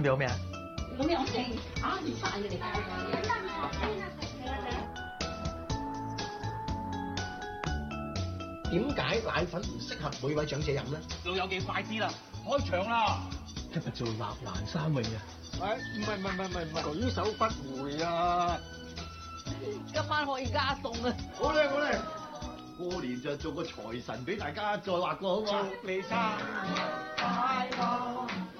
咁有咩啊？咁樣先啊！唔散你。點解奶粉唔適合每位長者飲咧？老友記快啲啦，開場啦！今日做立蘭三泳啊！喂、哎，唔係唔係唔係唔係，舉手不回啊！今晚可以加餸啊！好靚好靚！好好過年就做個財神俾大家再，再劃過好嘛？祝你生快樂！